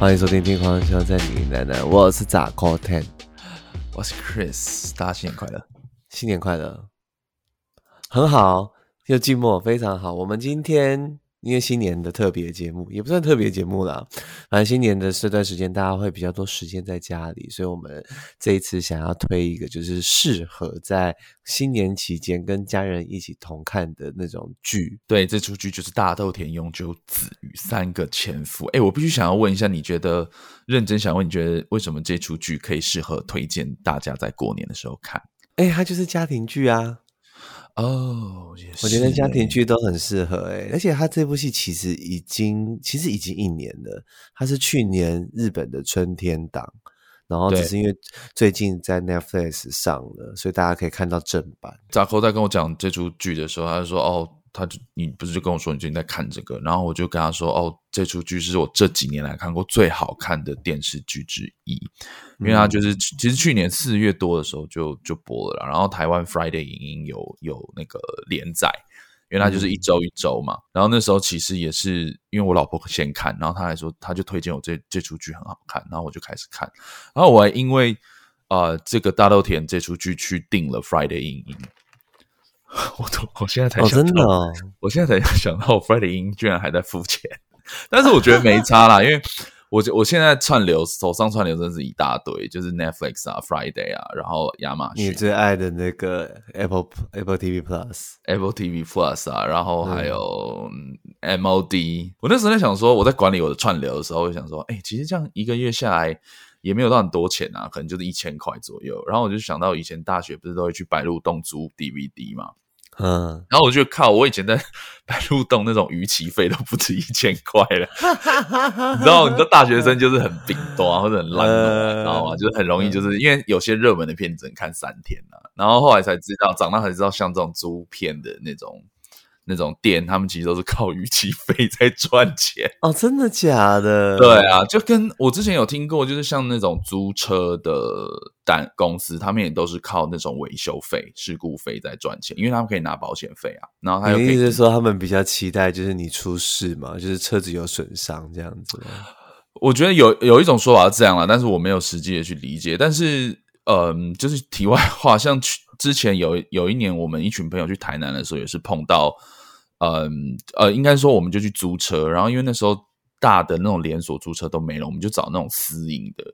歡迎收聽，聽《聽狂熱球在 nininanan》，我是 Zac Ten，我是 Chris，大家新年，新年快樂，新年快樂，很好，又寂寞，非常好，我們今天。因為新年的特別節目也不算特別節目啦。反正新年的這段時間大家會比較多時間在家裡，所以我們這一次想要推一個就是適合在新年期間跟家人一起同看的那種劇。對，這出劇就是《大豆田永久子與三個前夫》。哎，我必須想要問一下，你覺得認真想問，你覺得為什麼這出劇可以適合推薦大家在過年的時候看？哎，它就是家庭劇啊。哦、oh, yes，我覺得家庭劇都很適合誒、欸， 而且他這部戲其實已經，其實已經一年了。他是去年日本的春天檔，然後只是因為最近在 Netflix 上了，所以大家可以看到正版。扎克在跟我講這出劇的時候，他就說：“哦。”他就你不是就跟我說，你最近在看這個，然後我就跟他說，哦，這出劇是我這幾年來看過最好看的電視劇之一，因為他就是、嗯、其實去年四月多的時候就就播了啦，然後台灣 Friday 影音有有那個連載，因為他就是一周一周嘛、嗯，然後那時候其實也是因為我老婆先看，然後他還說他就推薦我這這出劇很好看，然後我就開始看，然後我還因為啊、呃、這個大豆田這出劇去訂了 Friday 影音。 我都我現在才想到，哦、真的、哦，我現在才想到，Friday 音居然還在付錢， 但是我覺得沒差啦， 因為我我現在串流，手上串流真是一大堆，就是 Netflix 啊，Friday 啊，然後亞馬遜，你最愛的那個 Apple Apple TV Plus，Apple TV Plus 啊，然後還有 MOD，、嗯、我那時候在想說，我在管理我的串流的時候，我想說，哎、欸，其實這樣一個月下來。也沒有到很多錢啊，可能就是一千塊左右。然後我就想到以前大學不是都會去白鹿洞租 DVD 嘛，嗯，然後我就靠，我以前在白鹿洞那種逾期費都不止一千塊了。 你知道，你知道大學生就是很餅凍啊，或者很爛，你知道嗎？就是很容易就是、嗯、因為有些熱門的片子你能看三天啊。然後後來才知道，長大才知道像這種租片的那種。那種店，他們其實都是靠逾期費在賺錢哦。真的假的？對啊，就跟我之前有聽過，就是像那種租車的單公司，他們也都是靠那種維修費、事故費在賺錢，因為他們可以拿保險費啊。然後他，你的意思是說他們比較期待就是你出事嘛，就是車子有損傷這樣子？我覺得有有一種說法是這樣啦，但是我沒有實際的去理解。但是，嗯，就是題外話，像之前有有一年我們一群朋友去台南的時候，也是碰到。嗯，呃，應該說我們就去租車，然後因為那時候大的那種連鎖租車都沒了，我們就找那種私營的。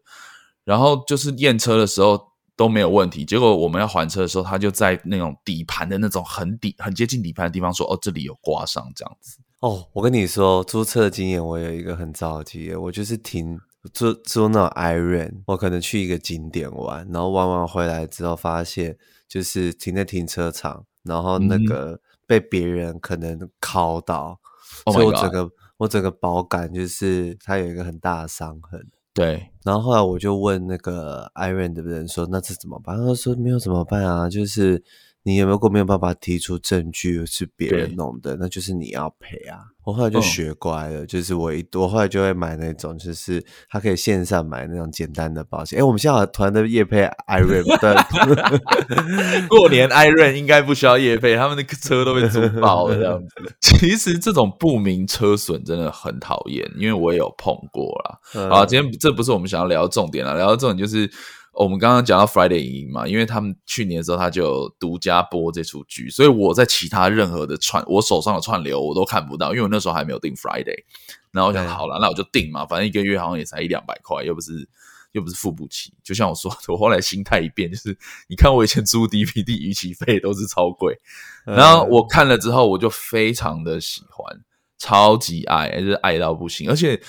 然後就是驗車的時候都沒有問題，結果我們要還車的時候，他就在那種底盤的那種很底、很接近底盤的地方說：“哦，這裡有刮傷。”這樣子。哦，我跟你說，租車的經驗，我有一個很着急，我就是停，租租那種 iRent，我可能去一個景點玩，然後玩完回來之後發現就是停在停車場，然後那個。嗯被別人可能拷到，oh、所以我整個我整個保桿，就是他有一個很大的傷痕。對，然後後來我就問那個艾瑞的的人說：“那這怎麼辦？”他說：“沒有怎麼辦啊，就是。”你有沒有過，沒有辦法提出證據是別人弄的，那就是你要賠啊！我後來就學乖了，嗯、就是我一多後來就會買那種，就是他可以線上買那種簡單的保險。誒、欸、我們現在有團的業配艾瑞， 過年艾瑞應該不需要業配，他們那個車都被租爆了這樣子。 其實這種不明車損真的很討厭，因為我也有碰過啦。嗯、好啦，今天這不是我們想要聊重點了，聊到重點就是，我們剛剛講到 Friday 影音嘛，因為他們去年的時候他就獨家播這出劇，所以我在其他任何的串，我手上的串流我都看不到，因為我那時候還沒有訂 Friday。然後我想好了，那我就訂嘛，反正一個月好像也才一兩百塊，又不是又不是付不起。就像我說的，我後來心態一變，就是你看我以前租 DVD 逾期費都是超貴，然後我看了之後，我就非常的喜歡。超級愛，就是愛到不行。而且，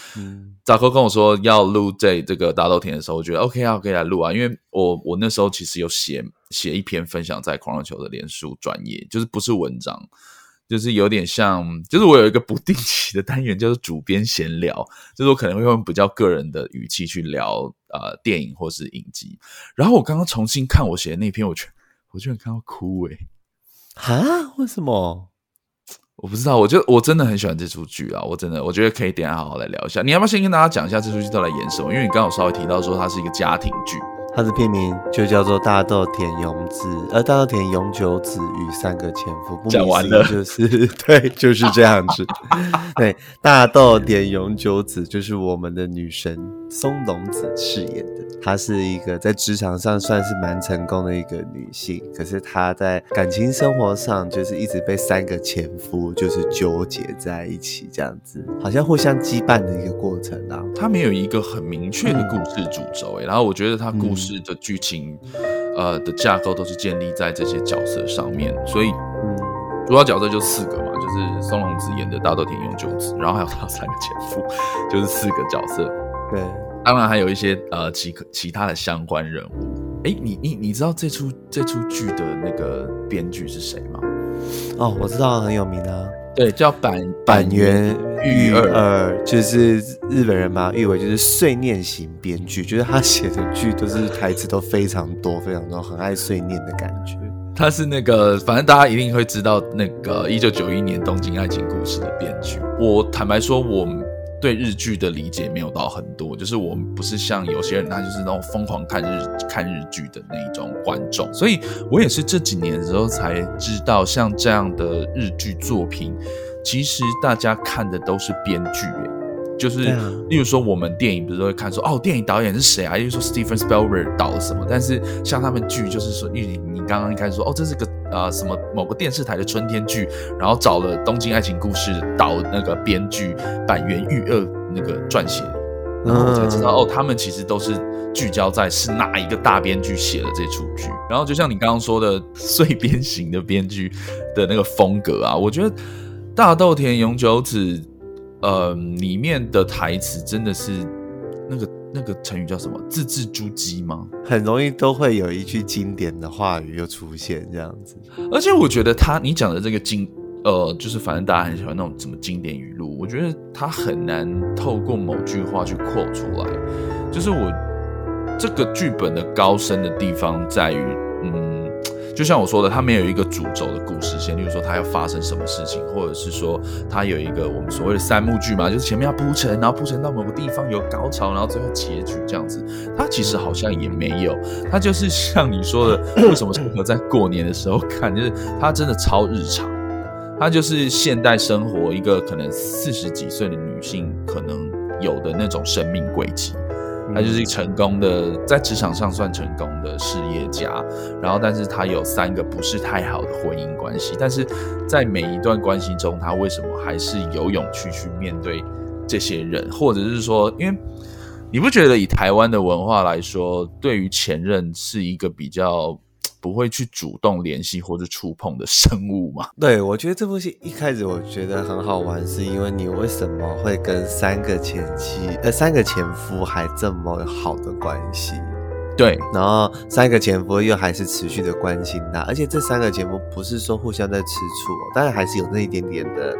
咋哥跟我說要錄在這個大豆田的時候，我覺得 OK 啊，可以來錄啊。因為我我那時候其實有寫寫一篇分享在狂熱球的臉書專頁，就是不是文章，就是有點像，就是我有一個不定期的單元，叫做主編閒聊，就是我可能會用比較個人的語氣去聊呃電影或是影集。然後我剛剛重新看我寫的那篇，我覺我居然看到哭哎、欸，啊，為什麼？我不知道，我就，我真的很喜歡這出劇啊！我真的，我覺得可以等下好好來聊一下。你要不要先跟大家講一下這出劇到底演什麼？因為你剛好稍微提到說它是一個家庭劇，它的片名就叫做《大豆田永子》呃，《大豆田永久子與三個前夫》不就是。講完了就 是對，就是這樣子。 對，《大豆田永久子》就是我們的女神。松隆子飾演的，她是一個在職場上算是蠻成功的一個女性，可是她在感情生活上就是一直被三個前夫就是糾結在一起，這樣子好像互相羈絆的一個過程啊。她沒有一個很明確的故事主軸誒、欸嗯，然後我覺得她故事的劇情，嗯、呃的架構都是建立在這些角色上面，所以嗯，主要角色就四個嘛，就是松隆子演的大豆田永久子，然後還有她三個前夫，就是四個角色。對，當然還有一些呃其其他的相關人物。哎、欸，你你你知道這出這出劇的那個編劇是誰嗎？哦，我知道很有名啊。對，叫坂坂元裕二，就是日本人嘛，譽為就是碎念型編劇，就是他寫的劇都是台詞都非常多非常多，很愛碎念的感覺。他是那個，反正大家一定會知道那個一九九一年東京愛情故事的編劇。我坦白說，我。對日劇的理解沒有到很多，就是我們不是像有些人，他就是那種瘋狂看日看日劇的那一種觀眾，所以我也是這幾年的時候才知道，像這樣的日劇作品，其實大家看的都是編劇。就是，yeah. 例如說我們電影不是會看說哦，電影導演是誰啊？因為說 Stephen Spielberg 導什麼？但是像他們劇，就是說，你你剛剛一開始說哦，這是個啊、呃、什麼某個電視台的春天劇，然後找了《東京愛情故事》導那個編劇坂元裕二那個撰寫，然後我才知道 uh -uh. 哦，他們其實都是聚焦在是哪一個大編劇寫的這出劇。然後就像你剛剛說的，碎邊形的編劇的那個風格啊，我覺得大豆田永久子。呃，裡面的台詞真的是那個那個成語叫什麼“字字珠璣”嗎？很容易都會有一句經典的話語又出現這樣子。而且我覺得他你講的這個經，呃，就是反正大家很喜歡那種什麼經典語錄，我覺得他很難透過某句話去 quote 出來。就是我這個劇本的高深的地方在於。就像我說的，它沒有一個主軸的故事線，例如說它要發生什麼事情，或者是說它有一個我們所謂的三幕劇嘛，就是前面要鋪陳，然後鋪陳到某個地方有高潮，然後最後結局這樣子。它其實好像也沒有，它就是像你說的， 為什麼適合在過年的時候看，就是它真的超日常，它就是現代生活一個可能四十幾歲的女性可能有的那種生命軌跡。他就是成功的，在職場上算成功的事業家，然後但是他有三個不是太好的婚姻關係，但是在每一段關係中，他為什麼還是有勇氣去面對這些人，或者是說，因為你不覺得以台灣的文化來說，對於前任是一個比較不會去主動聯繫或者觸碰的生物嘛？對，我覺得這部戲一開始我覺得很好玩，是因為你為什麼會跟三個前妻呃三個前夫還這麼好的關係？對，然後三個前夫又還是持續的關心他，啊，而且這三個前夫不是說互相在吃醋，哦，當然還是有那一點點的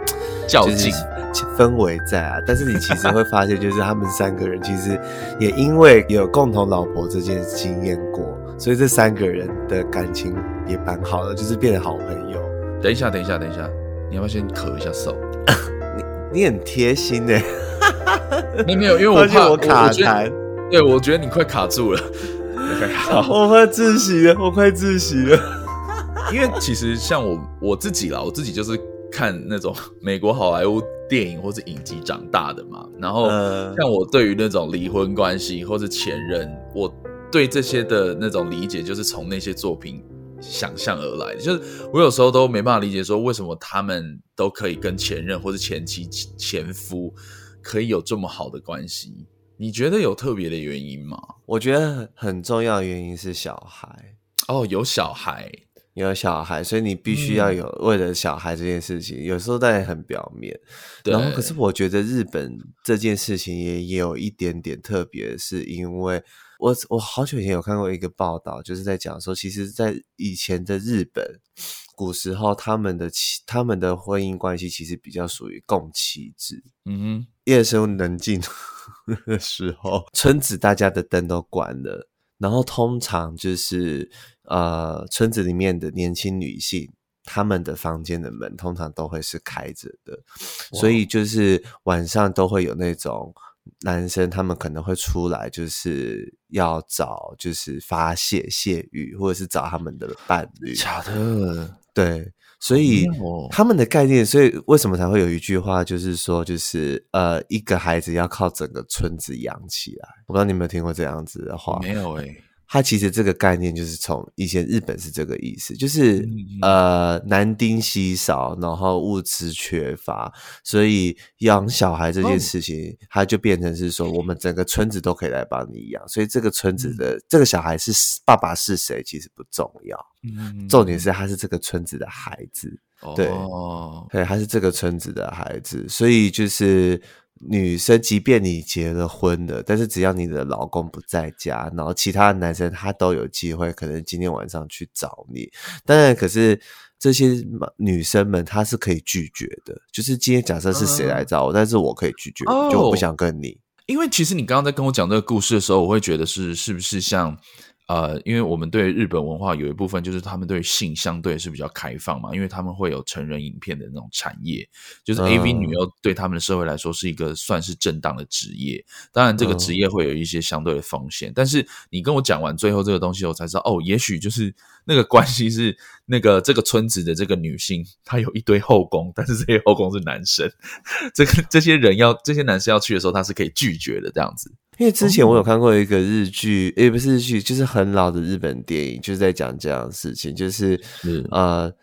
就是較勁氛圍在啊。但是你其實會發現，就是他們三個人其實也因為有共同老婆這件經驗過。所以這三個人的感情也蠻好的，就是變成好朋友。等一下，等一下，等一下，你要不要先咳一下嗽。 你你很貼心呢、欸。沒 沒有，因為我怕我，我卡痰。對，我覺得你快卡住了。Okay，好，我快窒息了，我快窒息了。 因為其實像我我自己啦，我自己就是看那種美國好萊塢電影或是影集長大的嘛。然後像我對於那種離婚關係或者前任、呃，我。對這些的那種理解，就是從那些作品想象而來。就是我有時候都沒辦法理解，說為什麼他們都可以跟前任或者前妻、前夫可以有這麼好的關係？你覺得有特別的原因嗎？我覺得很重要的原因是小孩。哦，有小孩，有小孩，所以你必須要有為了小孩這件事情。嗯、有時候在很表面。對。然後可是我覺得日本這件事情也，也有一點點特別，是因為。我我好久以前有看過一個報道，就是在講說，其實，在以前的日本古時候，他們的他們的婚姻關係其實比較屬於共妻制。嗯、mm-hmm.，夜深人靜的時候，村子大家的燈都關了，然後通常就是呃，村子裡面的年輕女性，她們的房間的門通常都會是開着的，wow. 所以就是晚上都會有那種。男生他們可能會出來，就是要找，就是發洩洩慾，或者是找他們的伴侶。假的，對，所以他們的概念，所以為什麼才會有一句話，就是說，就是呃，一個孩子要靠整個村子養起來。我不知道你們有沒有聽過這樣子的話，沒有哎、欸。它其實這個概念就是從以前日本是這個意思，就是呃，男丁稀少，然後物資缺乏，所以養小孩這件事情，它、嗯、就變成是說我們整個村子都可以來幫你養，所以這個村子的、嗯、這個小孩是爸爸是誰其實不重要，重點是他是這個村子的孩子，嗯、對對、哦，他是這個村子的孩子，所以就是。女生，即便你結了婚了，但是只要你的老公不在家，然後其他男生他都有機會，可能今天晚上去找你。當然，可是這些女生們，她是可以拒絕的。就是今天，假設是誰來找我，uh, 但是我可以拒絕，oh, 就我不想跟你。因為其實你剛剛在跟我講這個故事的時候，我會覺得是是不是像。呃，因為我們對日本文化有一部分，就是他們對性相對是比較開放嘛，因為他們會有成人影片的那種產業，就是 AV 女優對他們的社會來說是一個算是正當的職業。當然，這個職業會有一些相對的風險，嗯，但是你跟我講完最後這個東西，我才知道哦，也許就是那個關係是那個這個村子的這個女性，她有一堆後宮，但是這些後宮是男生，這 個這些人要這些男生要去的時候，她是可以拒絕的這樣子。因為之前我有看過一個日劇，也、okay. 欸、不是日劇，就是很老的日本電影，就是在講這樣的事情，就是，嗯、呃，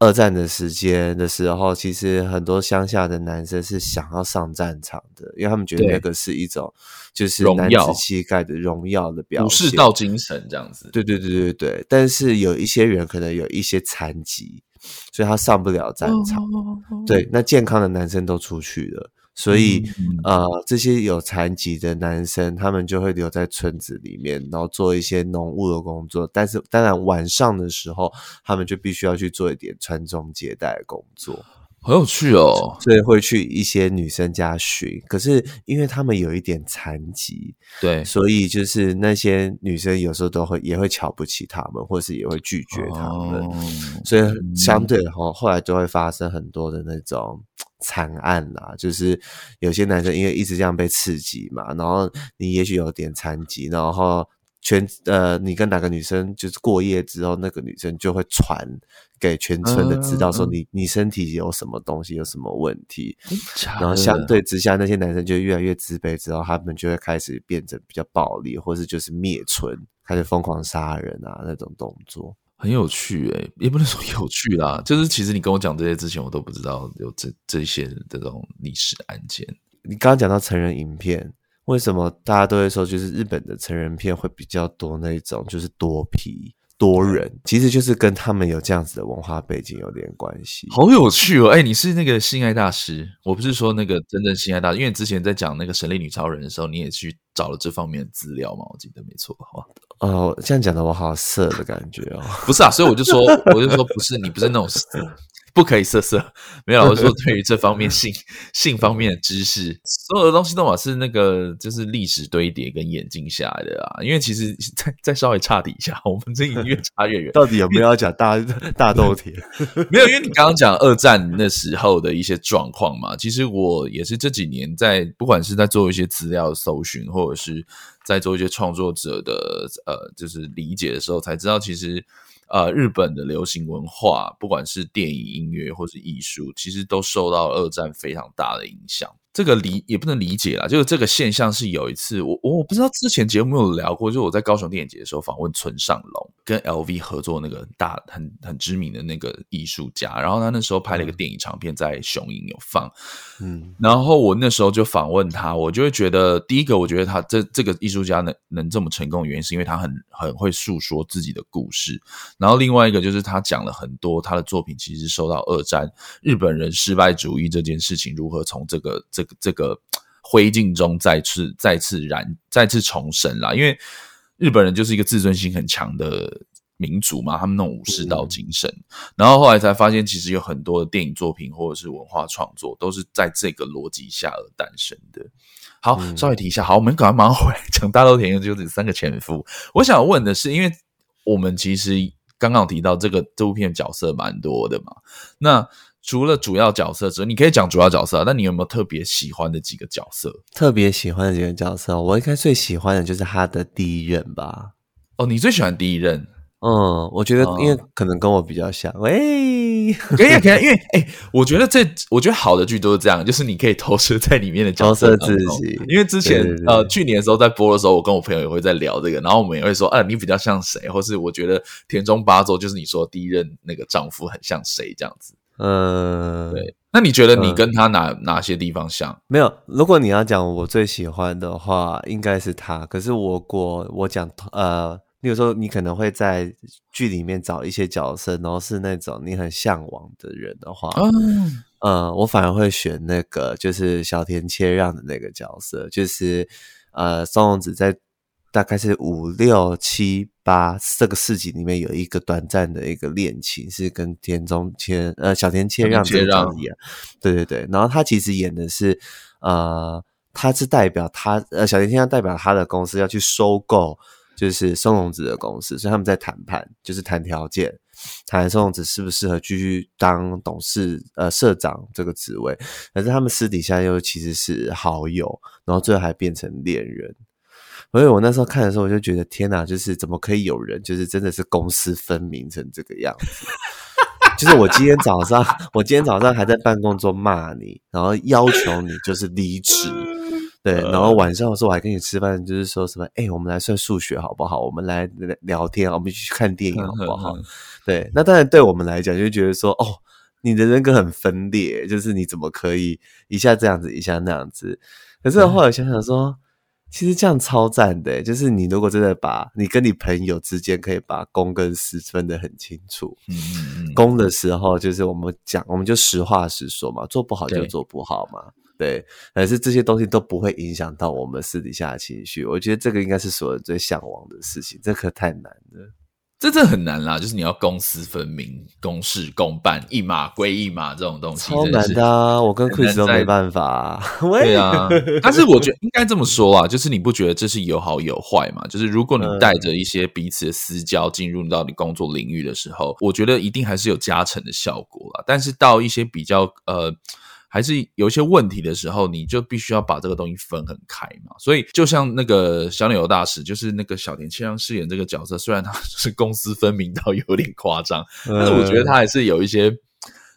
二戰的時間的時候，其實很多鄉下的男生是想要上戰場的，因為他們覺得那個是一種就是男子氣概的榮耀的表示，武士道精神這樣子。對對對對對。但是有一些人可能有一些殘疾，所以他上不了戰場。Oh. 對，那健康的男生都出去了。所以，嗯嗯，呃，這些有殘疾的男生，他們就會留在村子裡面，然後做一些農務的工作。但是，當然晚上的時候，他們就必須要去做一點傳宗接代的工作。很有趣哦，所以會去一些女生家尋。可是，因為他們有一點殘疾，對，所以就是那些女生有時候都會也會瞧不起他們，或是也會拒絕他們。哦，所以，相對後、嗯，後來就會發生很多的那種。慘案啦、啊，就是有些男生因為一直這樣被刺激嘛，然後你也許有點殘疾，然後全呃，你跟哪個女生就是過夜之後，那個女生就會傳給全村的知道，說你嗯嗯嗯你身體有什麼東西，有什麼問題，嗯，然後相對之下，那些男生就越來越自卑，之後他們就會開始變成比較暴力，或是就是滅村，開始瘋狂殺人啊那種動作。很有趣誒、欸，也不能說有趣啦，就是其實你跟我講這些之前，我都不知道有這這些這種歷史案件。你剛剛講到成人影片，為什麼大家都會說，就是日本的成人片會比較多？那一種就是多 P。多人其實就是跟他們有這樣子的文化背景有點關係，好有趣哦！哎、欸，你是那個性愛大師，我不是說那個真正性愛大師，因為之前在講那個神力女超人的時候，你也去找了這方面的資料嘛，我記得沒錯，哦，這樣講的我好色的感覺哦， 不是啊，所以我就說，我就說不是，你不是那種色。 不可以色色。沒有，我說對於這方面性 性方面的知識，所有的東西都嘛是那個就是歷史堆疊跟演進下來的啊。因為其實再再稍微岔題一下，我們這已經越岔越遠。 到底有沒有要講大 大豆田？ 沒有，因為你剛剛講二戰那時候的一些狀況嘛。其實我也是這幾年在不管是在做一些資料搜尋，或者是在做一些創作者的呃，就是理解的時候，才知道其實。呃，日本的流行文化，不管是電影、音樂或是藝術，其實都受到二戰非常大的影響。這個理也不能理解了，就是這個現象是有一次，我我我不知道之前節目沒有聊過，就我在高雄電影節的時候訪問村上隆，跟 LV 合作那個很大很很知名的那個藝術家，然後他那時候拍了一個電影長片在雄影有放，嗯，然後我那時候就訪問他，我就會覺得第一個，我覺得他這這個藝術家能能這麼成功的原因，是因為他很很會訴說自己的故事，然後另外一個就是他講了很多他的作品其實受到二戰日本人失敗主義這件事情如何從這個。這個灰燼中再次再次燃，再次重生了，因為日本人就是一個自尊心很強的民族嘛，他們那種武士道精神，嗯、然後後來才發現，其實有很多的電影作品或者是文化創作都是在這個邏輯下而誕生的。好，嗯、稍微提一下，好，我們趕快馬上回來講大豆田就這三個前夫，我想問的是，因為我們其實剛剛有提到這個這部片角色蠻多的嘛，那。除了主要角色之外，你可以講主要角色。那你有沒有特別喜歡的幾個角色？特別喜歡的幾個角色，我應該最喜歡的就是他的第一任吧。哦，你最喜歡第一任？嗯，我覺得因為可能跟我比較像。哦、喂。可以可以因為哎、欸，我覺得這，我覺得好的劇都是這樣，就是你可以投射在裡面的角色投射自己。因為之前對對對呃去年的時候在播的時候，我跟我朋友也會在聊這個，然後我們也會說，嗯、啊，你比較像誰，或是我覺得田中八作就是你說第一任那個丈夫很像誰這樣子。呃、嗯，對，那你覺得你跟他哪、呃、哪些地方像？沒有，如果你要講我最喜歡的話，應該是他。可是我我我講呃，例如說你可能會在劇裡面找一些角色，然後是那種你很向往的人的話，嗯、哦，呃，我反而會選那個就是小田切讓的那個角色，就是呃，松隆子在。大概是五六七八這個四集裡面有一個短暫的一個戀情，是跟田中千，呃，小田切讓結婚一樣。對對對，然後他其實演的是，呃，他是代表他，呃，小田切讓要代表他的公司要去收購，就是松隆子的公司，所以他們在談判，就是談條件，談松隆子適不適合繼續當董事，呃，社長這個職位，可是他們私底下又其實是好友，然後最後還變成戀人。所以我那時候看的時候，我就覺得天哪，就是怎麼可以有人，就是真的是公私分明成這個樣子。就是我今天早上，我今天早上還在辦公桌罵你，然後要求你就是離職，對。然後晚上的時候我還跟你吃飯，就是說什麼，誒，我們來算數學好不好？我們來聊天啊，我們一起去看電影好不好？對。那當然，對我們來講就覺得說，哦，你的人格很分裂，就是你怎麼可以一下這樣子，一下那樣子？可是後來想想說。其實這樣超讚的欸，就是你如果真的把你跟你朋友之間可以把公跟私分得很清楚，嗯，嗯，嗯，公的時候就是我們講，我們就實話實說嘛，做不好就做不好嘛，對，對，但是這些東西都不會影響到我們私底下的情緒。我覺得這個應該是所有人最嚮往的事情，這可太難了。這這很難啦，就是你要公私分明、公事公辦、一碼歸一碼這種東西，超難的、啊就是。我跟 Chris 都沒辦法、啊。對呀、啊， 但是我覺得應該這麼說啊，就是你不覺得這是有好有壞嘛？就是如果你帶着一些彼此的私交進入到你工作領域的時候，嗯、我覺得一定還是有加成的效果啊。但是到一些比較呃。還是有一些問題的時候，你就必須要把這個東西分很開嘛。所以就像那個小鳥遊大史，就是那個小田切讓飾演這個角色，雖然他就是公私分明到有點誇張，但是我覺得他還是有一些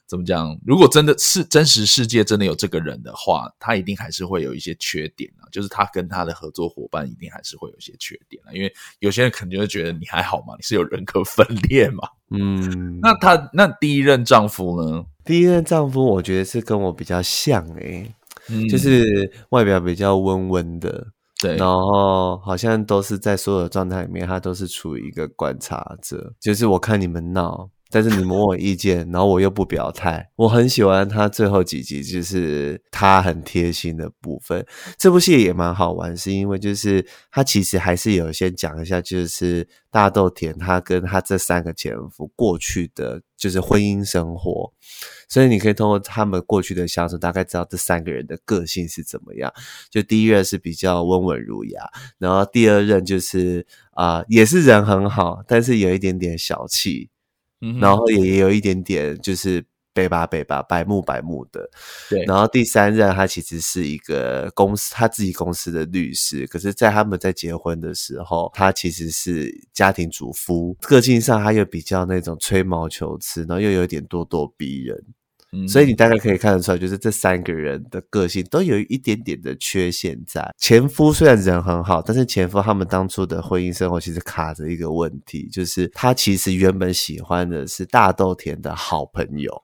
怎麼講？如果真的是真實世界真的有這個人的話，他一定還是會有一些缺點啊。就是他跟他的合作夥伴一定還是會有一些缺點啊，因為有些人肯定會覺得你還好嘛，你是有人格分裂嘛？嗯，那他那第一任丈夫呢？第一任丈夫，我覺得是跟我比較像誒，嗯，就是外表比較溫溫的，對，然後好像都是在所有的狀態裡面，他都是處於一個觀察者，就是我看你們鬧。但是你問我意見，然後我又不表態。我很喜歡他最後幾集，就是他很貼心的部分。這部戲也蠻好玩，是因為就是他其實還是有先講一下，就是大豆田他跟他這三個前夫過去的就是婚姻生活，所以你可以通過他們過去的相處，大概知道這三個人的個性是怎麼樣。就第一任是比較溫文儒雅，然後第二任就是啊、呃，也是人很好，但是有一點點小氣。然後也也有一點點就是北吧北吧，白目白目的，對。然後第三任他其實是一個公司，他自己公司的律師，可是在他們在結婚的時候，他其實是家庭主夫，個性上他又比較那種吹毛求疵，然後又有點咄咄逼人。所以你大概可以看得出來，就是這三個人的個性都有一點點的缺陷在。前夫雖然人很好，但是前夫他們當初的婚姻生活其實卡着一個問題，就是他其實原本喜歡的是大豆田的好朋友。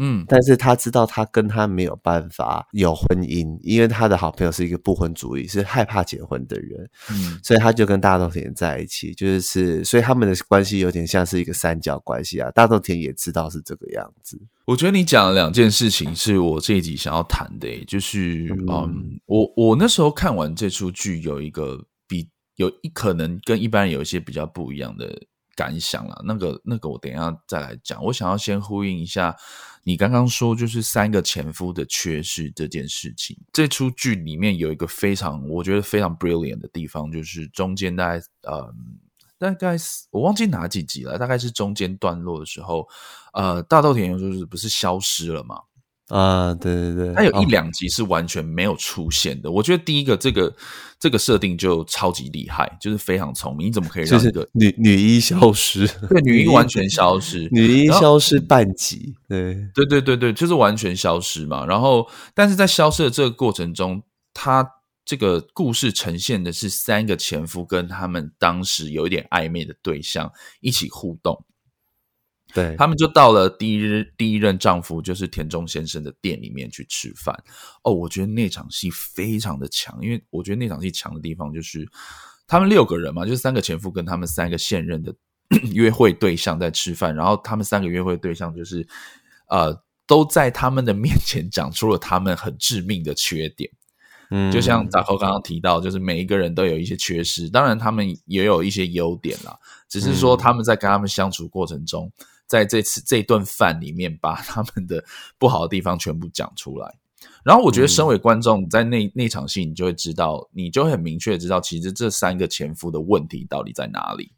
嗯，但是他知道他跟他沒有辦法有婚姻，嗯，因為他的好朋友是一個不婚主義，是害怕結婚的人。嗯，所以他就跟大豆田在一起，就是所以他們的關係有點像是一個三角關係啊。大豆田也知道是這個樣子。我覺得你講的兩件事情是我這一集想要談的，欸，就是嗯，嗯，我我那時候看完這出劇，有一個比有一可能跟一般人有一些比較不一樣的感想啊。那個那個，我等一下再來講。我想要先呼應一下。你剛剛說，就是三個前夫的缺失這件事情，這出劇裡面有一個非常我覺得非常 brilliant 的地方，就是中間大概呃大概我忘記哪幾集了，大概是中間段落的時候，呃大豆田又就是不是消失了嗎？啊、uh，對對對，他有一兩集是完全沒有出現的。Oh. 我覺得第一個這個這個設定就超級厲害，就是非常聰明。你怎麼可以讓這個就是女女一消失？對，女一完全消失， 女一消失半集，嗯、對對對對對，就是完全消失嘛。然後，但是在消失的這個過程中，他這個故事呈現的是三個前夫跟他們當時有一點曖昧的對象一起互動。對，他們就到了第一任第一任丈夫就是田中先生的店裡面去吃飯哦，我覺得那場戲非常的強，因為我覺得那場戲強的地方就是他們六個人嘛，就是三個前夫跟他們三個現任的 約會對象在吃飯，然後他們三個約會對象就是呃都在他們的面前講出了他們很致命的缺點，嗯，就像大寇剛剛提到，就是每一個人都有一些缺失，當然他們也有一些優點啦，只是說他們在跟他們相處過程中。在這次這頓飯裡面，把他們的不好的地方全部講出來。然後，我覺得身為觀眾，在那那場戲，你就會知道，你就會很明確知道，其實這三個前夫的問題到底在哪裡。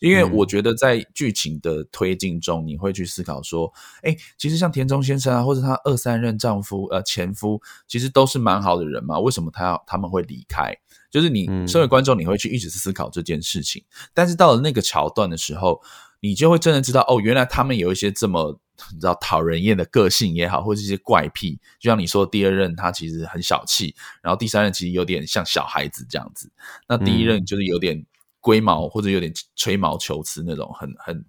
因為我覺得，在劇情的推進中，你會去思考說，哎，其實像田中先生啊，或者他二三任丈夫呃前夫，其實都是蠻好的人嘛，為什麼他要他們會離開？就是你身為觀眾，你會去一直思考這件事情。但是到了那個橋段的時候。你就會真的知道哦，原來他們有一些這麼你知道討人厭的個性也好，或者一些怪癖。就像你說，第二任他其實很小氣，然後第三任其實有點像小孩子這樣子。那第一任就是有點龜毛，嗯、或者有點吹毛求疵那種，很很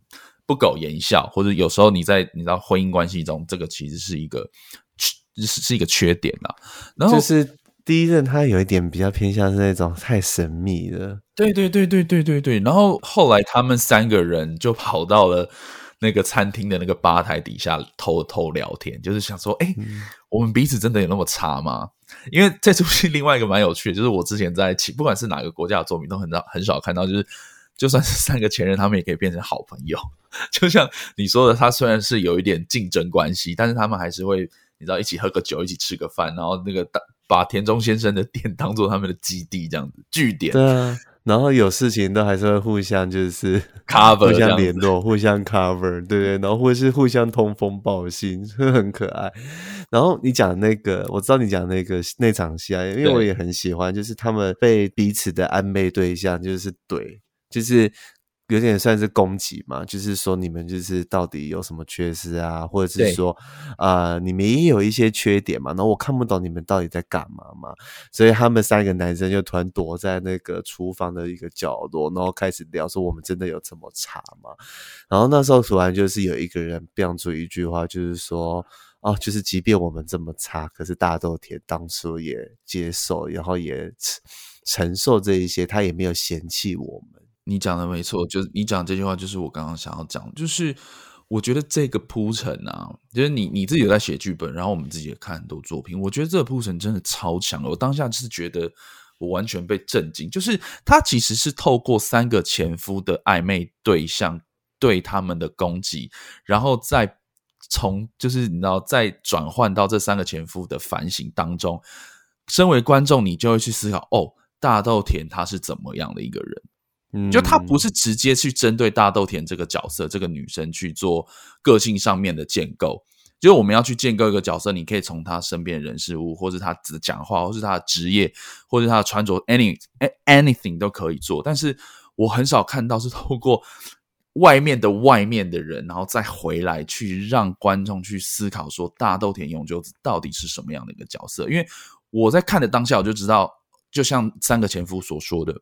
不苟言笑。或者有時候你在你知道婚姻關係中，這個其實是一個缺是是一個缺點啊。然後、就是。第一任他有一點比較偏向是那種太神秘的。對對對對對對對。然後後來他們三個人就跑到了那個餐廳的那個吧台底下偷偷聊天，就是想說：“哎、嗯，我們彼此真的有那麼差嗎？”因為這出戲另外一個蠻有趣的，就是我之前在一起，不管是哪個國家的作品，都很少很少看到，就是就算是三個前任，他們也可以變成好朋友。就像你說的，他雖然是有一點競爭關係，但是他們還是會你知道一起喝個酒，一起吃個飯，然後那個大。把田中先生的店當做他們的基地，這樣子據點。對啊，然後有事情都還是會互相就是 cover， 互相聯絡，互相 cover，對，然後或是互相通風報信，會很可愛。然後你講那個，我知道你講那個那場戲啊，因為我也很喜歡，就是他們被彼此的曖昧對象就是懟，就是。有點算是攻擊嘛，就是說你們就是到底有什麼缺失啊？或者是說，啊、呃、你們也有一些缺點嘛。然後我看不懂你們到底在幹嘛嘛。所以他們三個男生就突然躲在那個廚房的一個角落，然後開始聊說我們真的有這麼差嗎？然後那時候突然就是有一個人飆出一句話，就是說，哦、啊，就是即便我們這麼差，可是大豆田當初也接受，然後也承受這一些，他也沒有嫌棄我們。你講的沒錯，就是你講這句話，就是我剛剛想要講，就是我覺得這個鋪陳啊，就是你你自己有在寫劇本，然後我們自己也看很多作品，我覺得這個鋪陳真的超強了。我當下就是覺得我完全被震驚，就是他其實是透過三個前夫的曖昧對象對他們的攻擊，然後再從就是你知道再轉換到這三個前夫的反省當中。身為觀眾，你就會去思考：哦，大豆田他是怎麼樣的一個人？就他不是直接去針對大豆田這個角色，這個女生去做個性上面的建構。就我們要去建構一個角色，你可以從她身邊人事物，或是她只講話，或是她的職業，或是她的穿着，any anything 都可以做。但是我很少看到是透過外面的外面的人，然後再回來去讓觀眾去思考說，大豆田永久子到底是什麼樣的一個角色。因為我在看的當下，我就知道，就像三個前夫所說的。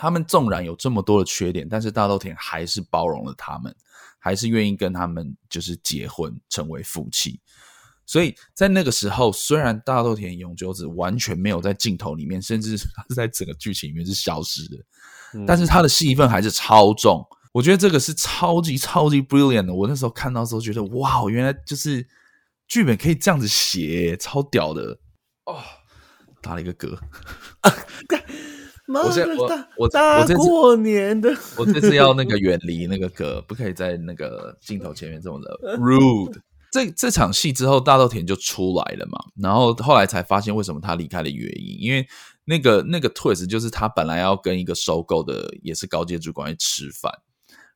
他們縱然有這麼多的缺點，但是大豆田還是包容了他們，還是願意跟他們就是結婚成為夫妻。所以在那個時候，雖然大豆田永久子完全沒有在鏡頭裡面，甚至他是在整個劇情裡面是消失的、嗯，但是他的戲份還是超重。我覺得這個是超級超級 brilliant 的。我那時候看到時候覺得，哇，原來就是劇本可以這樣子寫，超屌的哦！打了一個嗝 我在我我我大過年的，我這次，我這次要那個遠離那個歌， 不可以在那個鏡頭前面這麼的 rude。 這這場戲之後，大豆田就出來了嘛，然後後來才發現為什麼他離開的原因，因為那個那個 twist 就是他本來要跟一個收購的也是高階主管去吃飯，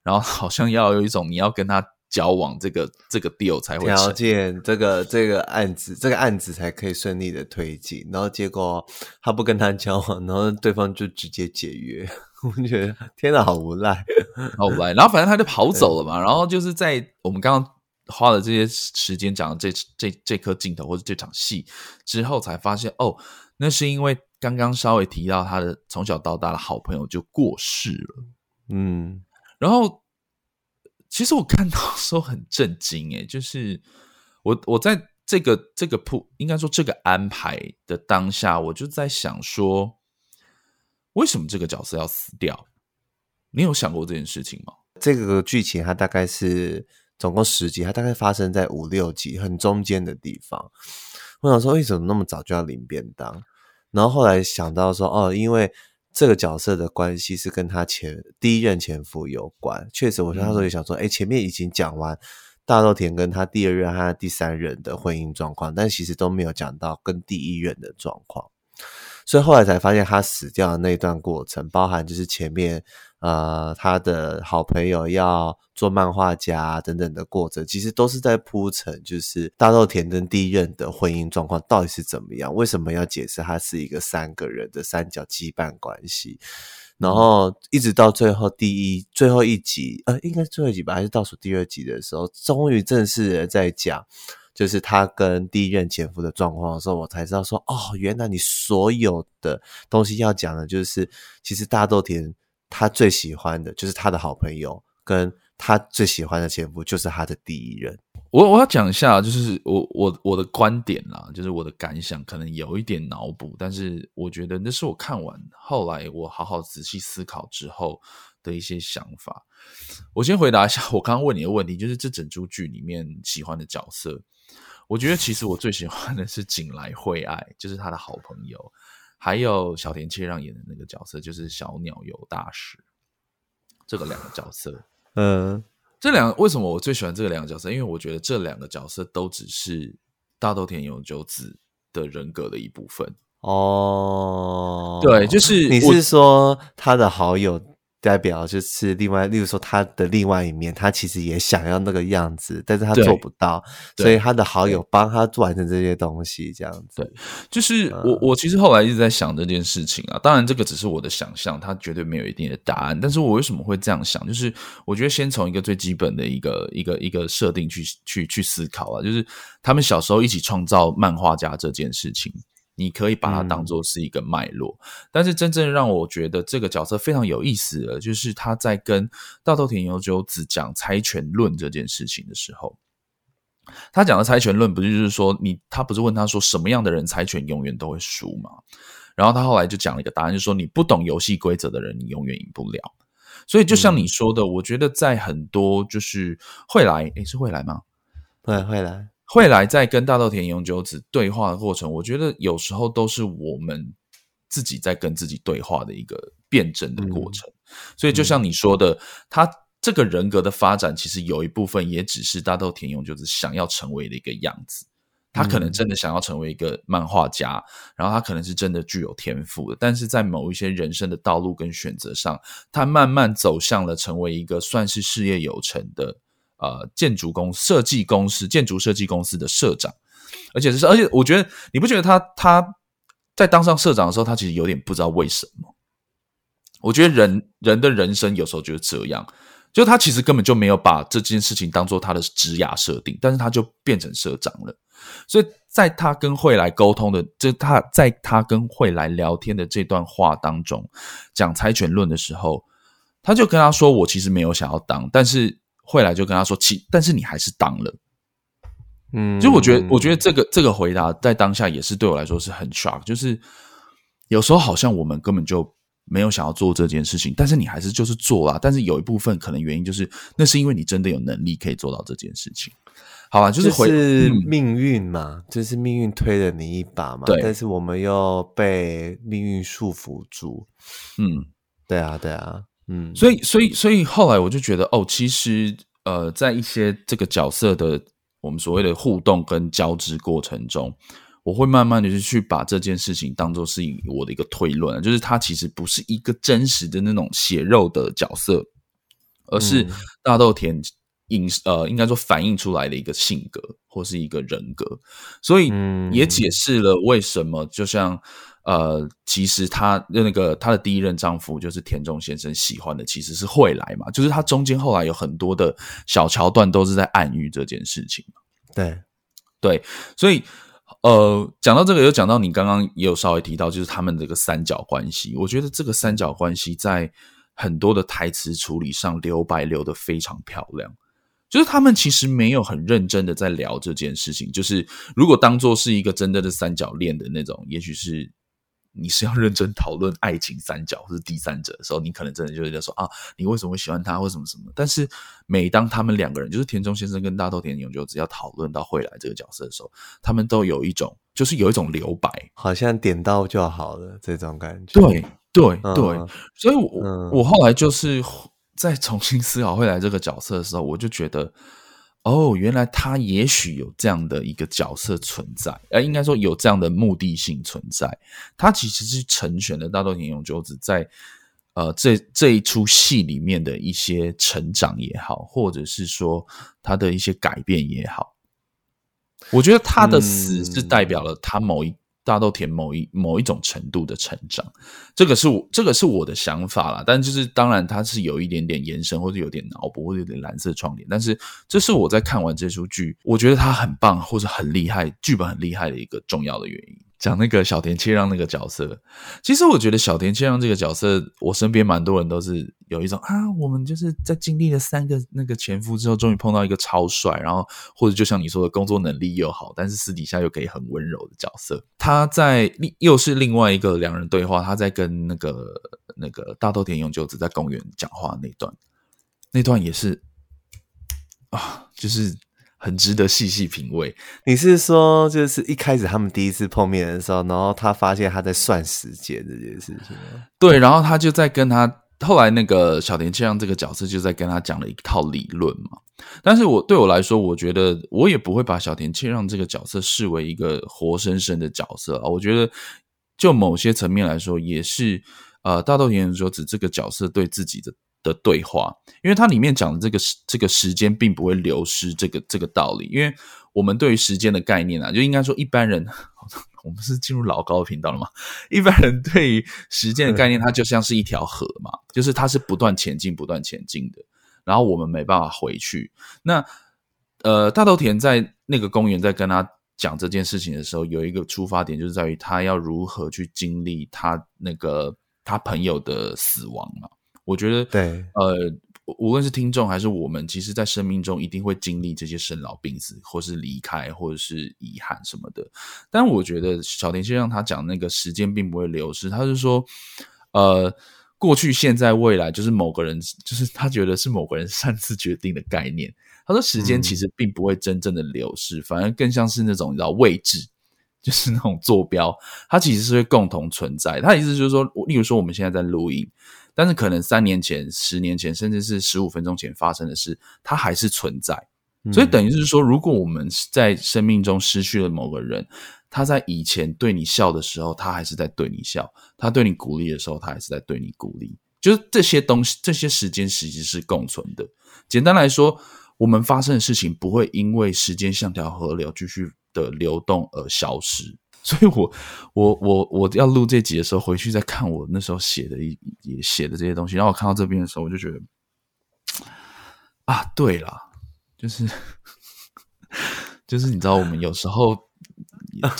然後好像要有一種你要跟他。交往這個這個 deal 才會條件，這個這個案子這個案子才可以順利的推進。然後結果他不跟他交往，然後對方就直接解約。 我覺得天哪，好無賴，好無賴。然後反正他就跑走了嘛。然後就是在我們剛剛花了這些時間講的這這這顆鏡頭或者這場戲之後，才發現哦，那是因為剛剛稍微提到他的從小到大的好朋友就過世了。嗯，然後。其實我看到的時候很震驚哎、欸，就是我我在這個這個鋪，應該說這個安排的當下，我就在想說，為什麼這個角色要死掉？你有想過這件事情嗎？這個劇情它大概是總共十集，它大概發生在五六集很中間的地方。我想說，為什麼那麼早就要領便當？然後後來想到說，哦，因為。這個角色的關係是跟他前第一任前夫有關，確實，我說他說也想說，誒、嗯，哎，前面已經講完大豆田跟他第二任、他第三任的婚姻狀況，但其實都沒有講到跟第一任的狀況，所以後來才發現他死掉的那一段過程，包含就是前面。呃，他的好朋友要做漫畫家、啊、等等的過程，其實都是在鋪陳，就是大豆田跟第一任的婚姻狀況到底是怎麼樣？為什麼要解釋他是一個三個人的三角羈絆關係？然後一直到最後第一最後一集，呃，應該是最後一集吧，還是倒數第二集的時候，終於正式的在講，就是他跟第一任前夫的狀況的時候，我才知道說，哦，原來你所有的東西要講的，就是其實大豆田，他最喜歡的就是他的好朋友，跟他最喜歡的前夫就是他的第一任。我我要講一下，就是我我我的觀點啦，就是我的感想，可能有一點腦補，但是我覺得那是我看完後來我好好仔細思考之後的一些想法。我先回答一下我剛剛問你的問題，就是這整出劇裡面喜歡的角色，我覺得其實我最喜歡的是景來惠愛，就是他的好朋友。還有小田切讓演的那個角色，就是小鳥遊大使，這個兩個角色，嗯，這兩個為什麼我最喜歡這兩個角色？因為我覺得這兩個角色都只是大豆田永久子的人格的一部分哦，對，就是你是說他的好友。代表就是另外，例如說他的另外一面，他其實也想要那個樣子，但是他做不到，所以他的好友幫他做完成這些東西，這樣子。對，就是我、嗯、我其實後來一直在想這件事情啊，當然這個只是我的想象，他絕對沒有一定的答案，但是我為什麼會這樣想？就是我覺得先從一個最基本的一個一個一個設定去去去思考啊，就是他們小時候一起創造漫畫家這件事情。你可以把它當做是一個脈絡、嗯,但是真正讓我覺得這個角色非常有意思的，就是他在跟大豆田永久子講猜拳論這件事情的時候，他講的猜拳論，不就是說你，你他不是問他說什麼樣的人猜拳永遠都會輸嗎？然後他後來就講了一個答案，就是說你不懂遊戲規則的人，你永遠贏不了。所以就像你說的，嗯、我覺得在很多就是會來，你、欸、是會來嗎？會來，會來。會來在跟大豆田永久子對話的過程，我覺得有時候都是我們自己在跟自己對話的一個辯證的過程。嗯、所以就像你說的，他這個人格的發展，其實有一部分也只是大豆田永久子想要成為的一個樣子。他可能真的想要成為一個漫畫家，嗯，然後他可能是真的具有天賦的，但是在某一些人生的道路跟選擇上，他慢慢走向了成為一個算是事業有成的。呃，建築公司、設計公司、建築設計公司的社長，而且是，而且我覺得你不覺得他他在當上社長的時候，他其實有點不知道為什麼？我覺得人人的人生有時候就是這樣，就他其實根本就沒有把這件事情當做他的職涯設定，但是他就變成社長了。所以在他跟惠來溝通的，就他，在他跟惠來聊天的這段話當中，講猜拳論的時候，他就跟他說：“我其實沒有想要當，但是。”會來就跟他說：“其但是你還是當了，嗯，就我覺得，我覺得這個這個回答在當下也是對我來說是很 shock，就是有時候好像我們根本就沒有想要做這件事情，但是你還是就是做啦，啊。但是有一部分可能原因就是那是因為你真的有能力可以做到這件事情，好吧，啊？就是回，就是命運嘛，嗯，就是命運推了你一把嘛。但是我們又被命運束縛住。嗯，對啊，對啊。”嗯，所以，所以，所以後來我就覺得，哦，其實，呃，在一些這個角色的我們所謂的互動跟交織過程中，我會慢慢的去去把這件事情當做是我的一個推論，就是它其實不是一個真實的那種血肉的角色，而是大豆田影呃，應該說反映出來的一個性格或是一個人格，所以也解釋了為什麼就像。呃，其實她的那個她的第一任丈夫就是田中先生喜歡的，其實是惠來嘛。就是她中間後來有很多的小橋段，都是在暗喻這件事情。對，對，所以呃，講到這個，又講到你剛剛也有稍微提到，就是他們這個三角關係，我覺得這個三角關係在很多的台詞處理上留白留得非常漂亮，就是他們其實沒有很認真的在聊這件事情，就是如果當做是一個真正的三角戀的那種，也許是。你是要認真討論愛情三角或是第三者的時候，你可能真的就是在說啊，你為什麼會喜歡他？為什麼什麼？但是每當他們兩個人，就是田中先生跟大豆田永久子就只要討論到惠來這個角色的時候，他們都有一種，就是有一種留白，好像點到就好了這種感覺。對對、嗯、對，所以我，我、嗯、我後來就是在重新思考惠來這個角色的時候，我就覺得。哦，原來他也許有這樣的一個角色存在，啊、呃，應該說有這樣的目的性存在。他其實是成全了大豆田永久子在呃這這一出戲裡面的一些成長也好，或者是說他的一些改變也好。我覺得他的死是代表了他某一，嗯大豆田某一某一種程度的成長，這個是我這個是我的想法啦。但就是當然，它是有一點點延伸，或者有點腦補，或者有點藍色窗簾。但是這是我在看完這出劇，我覺得它很棒，或者很厲害，劇本很厲害的一個重要的原因。講那個小田切讓那個角色，其實我覺得小田切讓這個角色，我身邊蠻多人都是有一種啊，我們就是在經歷了三個那個前夫之後，終於碰到一個超帥，然後或者就像你說的工作能力又好，但是私底下又可以很溫柔的角色。他在又是另外一個兩人對話，他在跟那個那個大豆田永久子在公園講話那段，那段也是啊，就是。很值得細細品味。你是說，就是一開始他們第一次碰面的時候，然後他發現他在算時間這件事情。對，然後他就在跟他後來那個小田切讓這個角色就在跟他講了一套理論嘛。但是我對我來說，我覺得我也不會把小田切讓這個角色視為一個活生生的角色啊。我覺得就某些層面來說，也是呃，大豆田永久子這個角色對自己的。的對話，因為它裡面講的這個這個時間並不會流失，這個這個道理，因為我們對於時間的概念啊，就應該說一般人， 我們是進入老高頻道了嘛。一般人對於時間的概念，它就像是一條河嘛，就是它是不斷前進、不斷前進的，然後我們沒辦法回去。那呃，大豆田在那個公園在跟他講這件事情的時候，有一個出發點，就是在於他要如何去經歷他那個他朋友的死亡了。我覺得對，呃，無論是聽眾還是我們，其實，在生命中一定會經歷這些生老病死，或是離開，或者是遺憾什麼的。但我覺得小田先生他講那個時間並不會流失，他是說，呃，過去、現在、未來，就是某個人，就是他覺得是某個人擅自決定的概念。他說，時間其實並不會真正的流失，嗯、反而更像是那種你知道位置，就是那種坐標，它其實是會共同存在。他的意思就是說，例如說我們現在在錄音。但是可能三年前，十年前，甚至是十五分鐘前發生的事，它還是存在。嗯。所以等於是說，如果我們在生命中失去了某個人，他在以前對你笑的時候，他還是在對你笑；他對你鼓勵的時候，他還是在對你鼓勵。就是這些東西，這些時間實際是共存的。簡單來說，我們發生的事情不會因為時間像條河流繼續的流動而消失。所以我，我我我我要錄這集的時候，回去再看我那時候寫的一也寫的這些東西。然後我看到這邊的時候，我就覺得啊，對啦，就是就是你知道，我們有時候也，啊，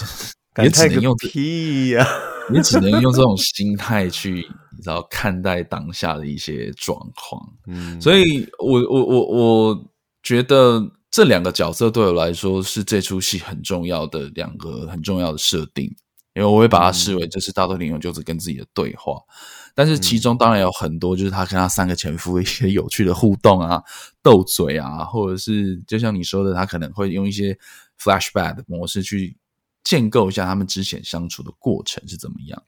也只能用屁呀，啊，你只能用這種心態去 你知道看待當下的一些狀況。嗯，所以我我我我覺得。這兩個角色對我來說，是這出戲很重要的兩個很重要的設定，因為我會把它視為就是大豆田永久子就是跟自己的對話，但是其中當然有很多就是他跟他三個前夫一些有趣的互動啊、鬥嘴啊，或者是就像你說的，他可能會用一些 flashback 模式去建構一下他們之前相處的過程是怎麼樣。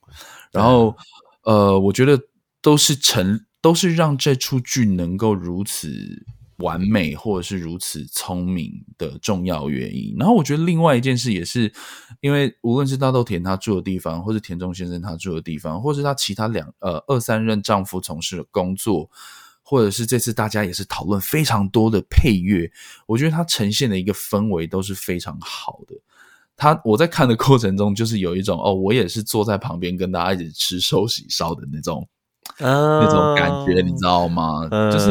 然後呃，我覺得都是成都是讓這出劇能夠如此完美，或者是如此聰明的重要原因。然後，我覺得另外一件事也是，因為無論是大豆田他住的地方，或是田中先生他住的地方，或是他其他兩呃二三任丈夫從事的工作，或者是這次大家也是討論非常多的配樂，我覺得它呈現的一個氛圍都是非常好的。他我在看的過程中，就是有一種哦，我也是坐在旁邊跟大家一起吃壽喜燒的那種。啊， 那種感覺你知道嗎？Uh, uh, 就是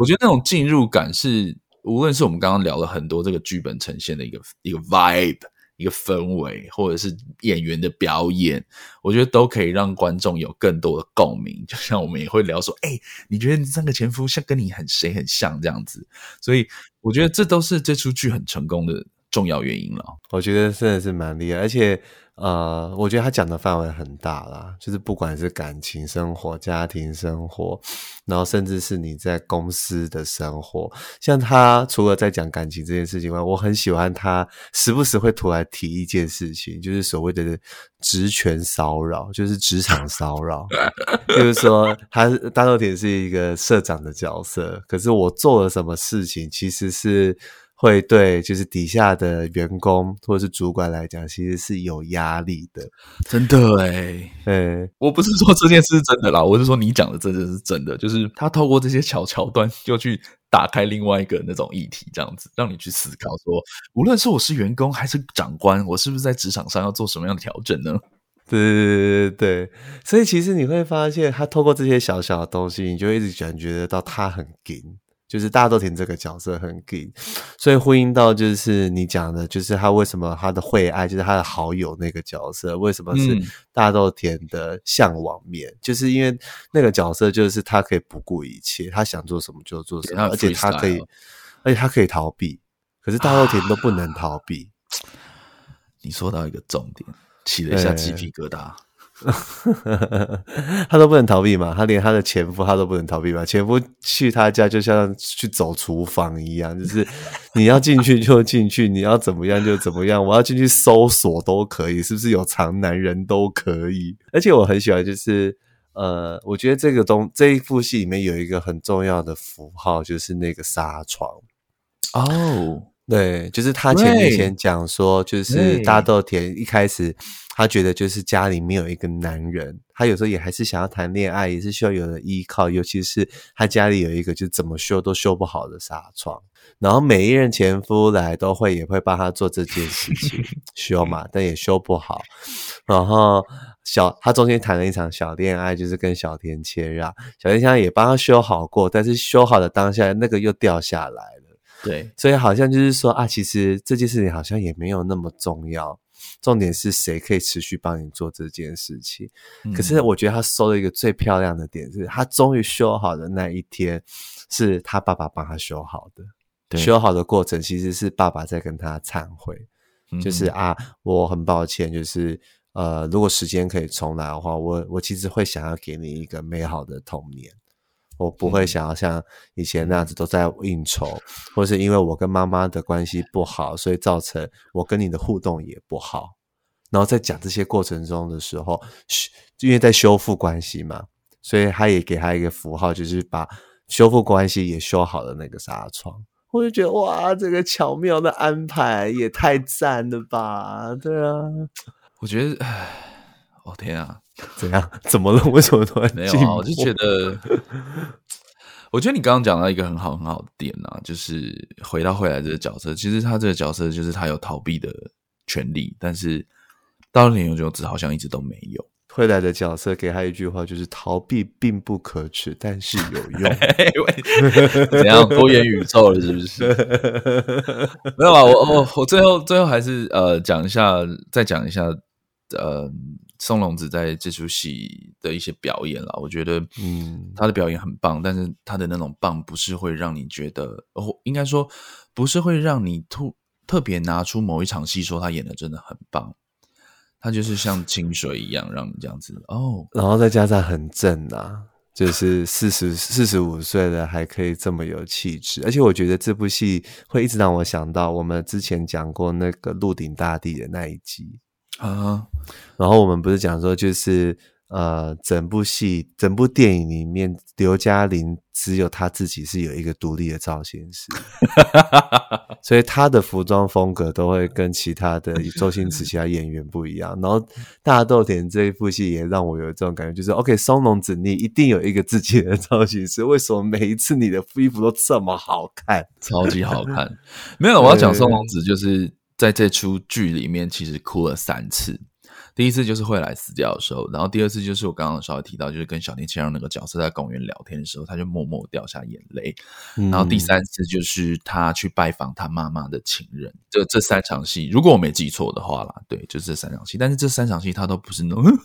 我覺得那種進入感是，無論是我們剛剛聊了很多這個劇本呈現的一個一個 vibe，一個氛圍，或者是演員的表演，我覺得都可以讓觀眾有更多的共鳴。就像我們也會聊說，哎、欸，你覺得你三個前夫像跟你很誰很像這樣子？所以我覺得這都是這出劇很成功的重要原因了，我覺得真的是蠻厲害，而且呃，我覺得他講的範圍很大啦，就是不管是感情生活、家庭生活，然後甚至是你在公司的生活。像他除了在講感情這件事情外，我很喜歡他時不時會突然提一件事情，就是所謂的職權騷擾，就是職場騷擾， 就是說他大豆田是一個社長的角色，可是我做了什麼事情，其實是。會對，就是底下的員工或者是主管來講，其實是有壓力的，真的誒、欸、呃、欸，我不是說這件事是真的啦，我是說你講的這件事是真的，就是他透過這些小橋段，就去打開另外一個那種議題，這樣子讓你去思考說，無論是我是員工還是長官，我是不是在職場上要做什麼樣的調整呢？對對對對，所以其實你會發現，他透過這些小小的東西，你就一直感覺得到他很緊。就是大豆田這個角色很 gay，所以呼應到就是你講的，就是他為什麼他的會愛，就是他的好友那個角色為什麼是大豆田的嚮往面，嗯、就是因為那個角色就是他可以不顧一切，他想做什麼就做什麼，而且他可以，啊、而且他可以逃避，可是大豆田都不能逃避。你說到一個重點，起了一下雞皮疙瘩。 他都不能逃避嘛，他連他的前夫他都不能逃避嘛，前夫去他家就像去走廚房一樣，就是你要進去就進去，你要怎麼樣就怎麼樣，我要進去搜索都可以，是不是有藏男人都可以？而且我很喜歡，就是呃，我覺得這個東這一部戲裡面有一個很重要的符號，就是那個紗窗哦。對，就是他前以前講說，就是大豆田一開始他覺得就是家裡沒有一個男人，他有時候也還是想要談戀愛，也是需要有人依靠，尤其是他家裡有一個就是怎麼修都修不好的紗窗，然後每一任前夫來都會也會幫他做這件事情修 嘛，但也修不好。然後小他中間談了一場小戀愛，就是跟小田切讓，小田現在也幫他修好過，但是修好的當下那個又掉下來了。對，所以好像就是說啊，其實這件事情好像也沒有那麼重要，重點是誰可以持續幫你做這件事情。可是我覺得他收了一個最漂亮的點，是他終於修好的那一天，是他爸爸幫他修好的。修好的過程其實是爸爸在跟他懺悔，就是啊，我很抱歉，就是呃，如果時間可以重來的話，我我其實會想要給你一個美好的童年。我不會想要像以前那樣子都在應酬，嗯、或是因為我跟媽媽的關係不好，所以造成我跟你的互動也不好。然後在講這些過程中的時候，因為在修復關係嘛，所以他也給他一個符號，就是把修復關係也修好了那個紗窗。我就覺得哇，這個巧妙的安排也太讚了吧！對啊，我覺得唉。哦、oh, 天啊，怎樣？怎麼了？為什麼突然那樣？我就覺得，我覺得你剛剛講到一個很好很好的點吶、啊，就是回到惠來這個角色，其實他這個角色就是他有逃避的權利，但是豆田永久子好像一直都沒有。惠來的角色給他一句話，就是逃避並不可恥，但是有用。 怎樣多元宇宙了？是不是？ 沒有啊，我我我最後最後還是呃講一下，再講一下呃。松隆子在這出戲的一些表演啦，我覺得，嗯，他的表演很棒，嗯，但是他的那種棒不是會讓你覺得，哦，應該說不是會讓你突特別拿出某一場戲說他演的真的很棒，他就是像清水一樣，讓你這樣子哦，然後再加上很正啊，就是四十四十五歲了還可以這麼有氣質，而且我覺得這部戲會一直讓我想到我們之前講過那個《鹿鼎大帝》的那一集。啊、uh -huh.，然後我們不是講說，就是呃，整部戲、整部電影裡面，劉嘉玲只有她自己是有一個獨立的造型師， 所以她的服裝風格都會跟其他的周星馳其他演員不一樣。 然後大豆田這一部戲也讓我有這種感覺，就是 OK，松隆子你一定有一個自己的造型師，為什麼每一次你的服衣服都這麼好看，超級好看？ 沒有，我要講松隆子就是。在這出劇裡面，其實哭了三次。第一次就是惠來死掉的時候，然後第二次就是我剛剛稍微提到，就是跟小田切讓那個角色在公園聊天的時候，他就默默掉下眼淚、嗯。然後第三次就是他去拜訪他媽媽的情人，這這三場戲，如果我沒記錯的話啦，對，就是這三場戲。但是這三場戲他都不是那種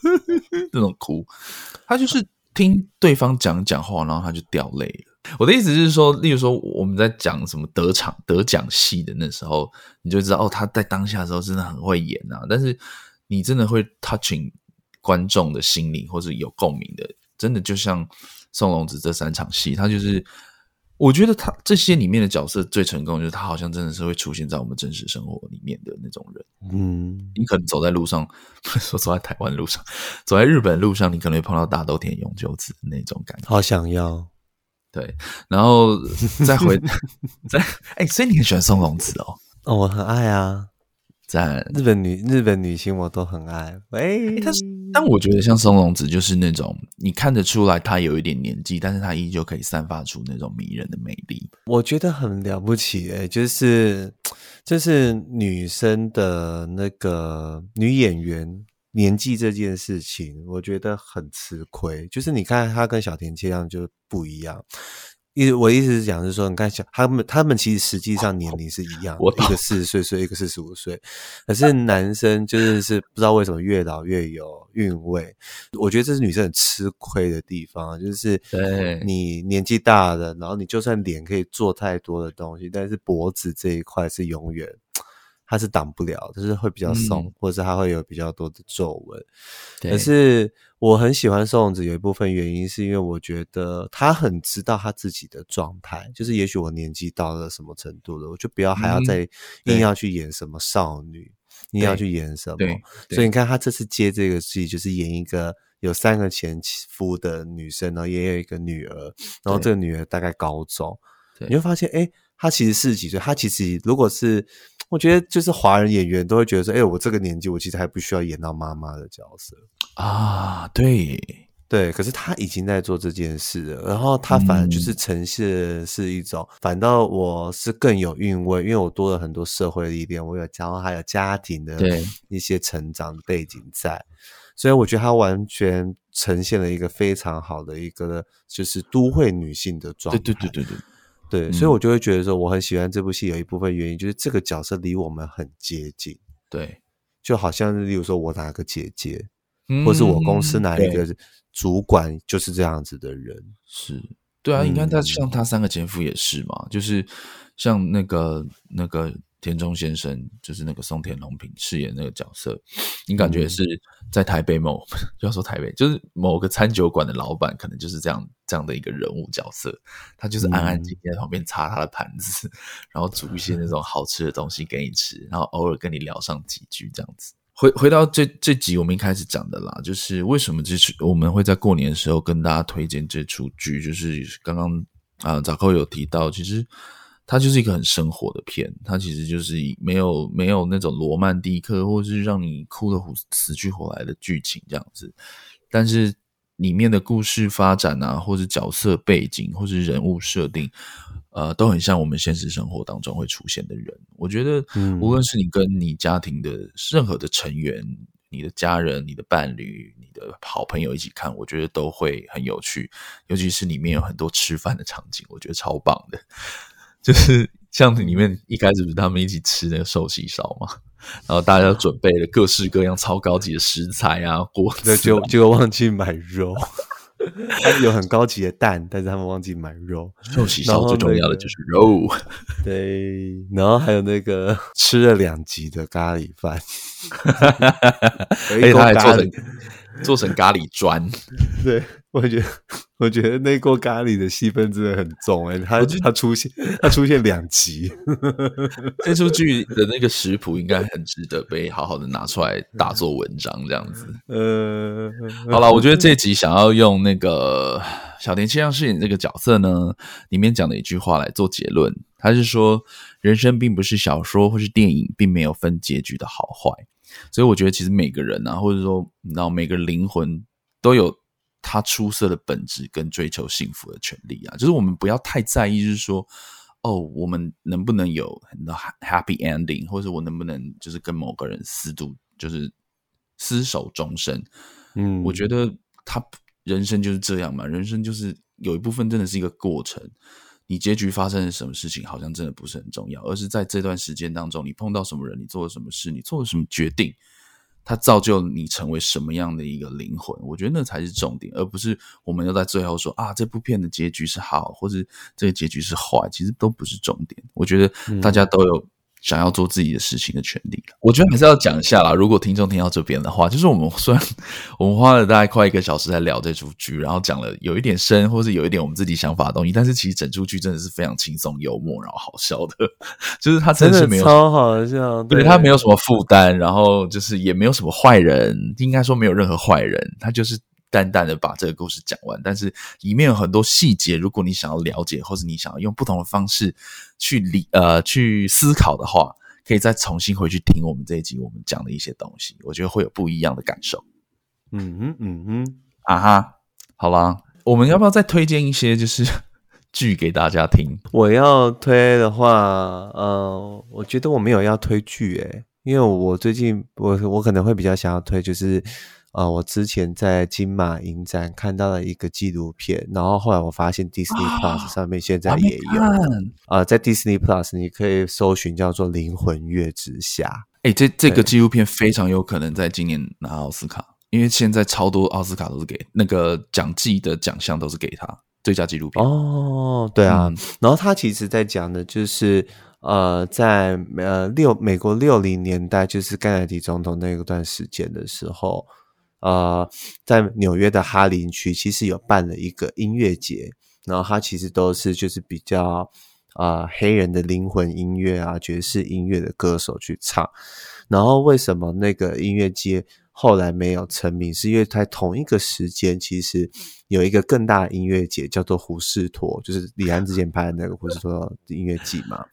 那種哭，他就是聽對方講講話，然後他就掉淚了。我的意思就是說，例如說我們在講什麼得場得獎戲的那時候，你就知道哦，他在當下的時候真的很會演啊。但是你真的會 touching 觀眾的心靈，或是有共鳴的，真的就像松隆子這三場戲，他就是我覺得他這些裡面的角色最成功，就是他好像真的是會出現在我們真實生活裡面的那種人。嗯，你可能走在路上，說 走在台灣路上，走在日本路上，你可能會碰到大豆田永久子的那種感覺。好想要。對，然後再回 再哎、欸，所以你很喜歡松隆子哦？哦，我很愛啊！在日本女日本女星，我都很愛。哎，但、欸、是但我覺得像松隆子就是那種你看得出來她有一點年紀，但是她依舊可以散發出那種迷人的魅力。我覺得很了不起哎、欸，就是就是女生的那個女演員。年紀這件事情，我覺得很吃虧。就是你看他跟小田這樣就不一樣。一我意思是講，就是說你看小他,他們他們其實實際上年齡是一樣，哦、我一個四十歲歲，一個四十五歲。可是男生就是是不知道為什麼越老越有韻味。我覺得這是女生很吃虧的地方，就是對你年紀大了，然後你就算臉可以做太多的東西，但是脖子這一塊是永遠。他是擋不了，就是會比較鬆，嗯，或者他會有比較多的皺紋。可是我很喜歡松隆子，有一部分原因是因為我覺得他很知道他自己的狀態，就是也許我年紀到了什麼程度了，我就不要還要再硬要去演什麼少女，嗯、硬要去演什麼，演什麼。所以你看他這次接這個戲，就是演一個有三個前夫的女生，然後也有一個女兒，然後這個女兒大概高中，你會發現哎。她其實四十幾歲，她其實如果是，我覺得就是華人演員都會覺得說，哎，我這個年紀，我其實還不需要演到媽媽的角色啊。對對，可是她已經在做這件事了，然後她反而就是呈現的是一種、嗯，反倒我是更有韻味，因為我多了很多社會歷練，我有，然後還有家庭的一些成長背景在，所以我覺得她完全呈現了一個非常好的一個就是都會女性的狀態。對對對對對。對，所以我就會覺得說，我很喜歡這部戲，有一部分原因、嗯、就是這個角色離我們很接近。對，就好像是例如說我哪個姐姐、嗯，或是我公司哪一個主管就是這樣子的人。是，對啊，你看他像他三個前夫也是嘛，嗯、就是像那個那個。田中先生就是那個松田龍平飾演那個角色，你感覺是在台北某，不、嗯、 要說台北，就是某個餐酒館的老闆，可能就是這樣這樣的一個人物角色。他就是安安靜靜在旁邊擦他的盤子、嗯，然後煮一些那種好吃的東西給你吃、嗯，然後偶爾跟你聊上幾句這樣子。回回到這這集我們一開始講的啦，就是為什麼這次我們會在過年的時候跟大家推薦這出劇，就是剛剛啊、呃，早哥有提到，其實。它就是一個很生活的片，它其實就是沒有沒有那種羅曼蒂克，或是讓你哭得死去活來的劇情這樣子。但是裡面的故事發展啊，或是角色背景，或是人物設定，呃，都很像我們現實生活當中會出現的人。我覺得，無論是你跟你家庭的任何的成員、嗯、你的家人、你的伴侶、你的好朋友一起看，我覺得都會很有趣。尤其是裡面有很多吃飯的場景，我覺得超棒的。就是像子裡面一開始不是他們一起吃那個壽喜燒嘛，然後大家準備了各式各樣超高級的食材啊，鍋、啊、就就忘記買肉。 有很高級的蛋，但是他們忘記買肉。壽喜燒最重要的就是肉，那個。對，然後還有那個吃了兩集的咖喱飯，哈哈哈哈哈，他還做做成咖喱磚， 對，我覺得，我覺得那鍋咖喱的戲份真的很重誒、欸，他 出現，他出現兩集，這出劇的那個食譜應該很值得被好好的拿出來大做文章這樣子。呃、 嗯嗯，好啦，我覺得這集想要用那個小田切讓飾演這個角色呢，裡面講的一句話來做結論，他是說，人生並不是小說或是電影，並沒有分結局的好壞。所以我覺得，其實每個人啊，或者說，你知道，每個靈魂都有他出色的本質跟追求幸福的權利啊。就是我們不要太在意，就是說，哦，我們能不能有很多 happy ending，或者是我能不能就是跟某個人私度，就是廝守終生。嗯，我覺得他人生就是這樣嘛，人生就是有一部分真的是一個過程。你結局發生了什麼事情，好像真的不是很重要，而是在這段時間當中，你碰到什麼人，你做了什麼事，你做了什麼決定，它造就你成為什麼樣的一個靈魂，我覺得那才是重點，而不是我們要在最後說啊，這部片的結局是好，或者這個結局是壞，其實都不是重點。我覺得大家都有、嗯。想要做自己的事情的權利，我覺得還是要講一下啦。如果聽眾聽到這邊的話，就是我們雖然我們花了大概快一個小時在聊這齣劇，然後講了有一點深，或是有一點我們自己想法的東西，但是其實整齣劇真的是非常輕鬆、幽默，然後好笑的。就是他真的是沒有，超好笑，對，對，他沒有什麼負擔，然後就是也沒有什麼壞人，應該說沒有任何壞人，他就是。淡淡的把這個故事講完，但是裡面有很多細節，如果你想要了解，或者你想要用不同的方式去理，呃，去思考的話，可以再重新回去聽我們這一集我們講的一些東西，我覺得會有不一樣的感受。嗯哼嗯哼，啊哈，好吧，我們要不要再推薦一些就是劇給大家聽？我要推的話，呃，我覺得我沒有要推劇誒、欸，因為我最近我我可能會比較想要推就是。啊、呃！我之前在金馬影展看到了一個紀錄片，然後後來我發現 Disney Plus 上面、啊、現在也有。啊、呃，在 Disney Plus 你可以搜尋叫做《靈魂樂之夏》。哎、欸，這這個紀錄片非常有可能在今年拿奧斯卡，因為現在超多奧斯卡都是給那個獎季的獎項都是給他最佳紀錄片。哦，對啊。嗯、然後他其實在講的就是，呃，在呃六美國六零年代，就是甘迺迪總統那一段時間的時候。呃，在紐約的哈林區，其實有辦了一個音樂節，然後他其實都是就是比較，呃，黑人的靈魂音樂啊，爵士音樂的歌手去唱。然後為什麼那個音樂節後來沒有成名？是因為在同一個時間，其實有一個更大的音樂節叫做胡士托，就是李安之前拍的那個胡士托音樂節嘛。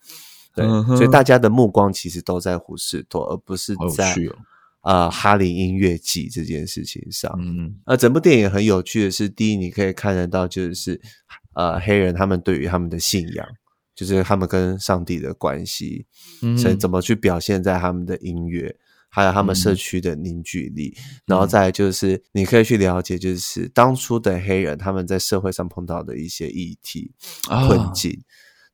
對， 所以大家的目光其實都在胡士托，而不是在、哦。啊、呃，《哈林音樂祭》這件事情上，嗯，呃，整部電影很有趣的是，第一，你可以看得到就是，呃，黑人他們對於他們的信仰，就是他們跟上帝的關係，所、嗯、以怎麼去表現在他們的音樂，還有他們社區的凝聚力。嗯、然後再來就是，你可以去了解，就是、嗯、當初的黑人他們在社會上碰到的一些議題、困境。哦、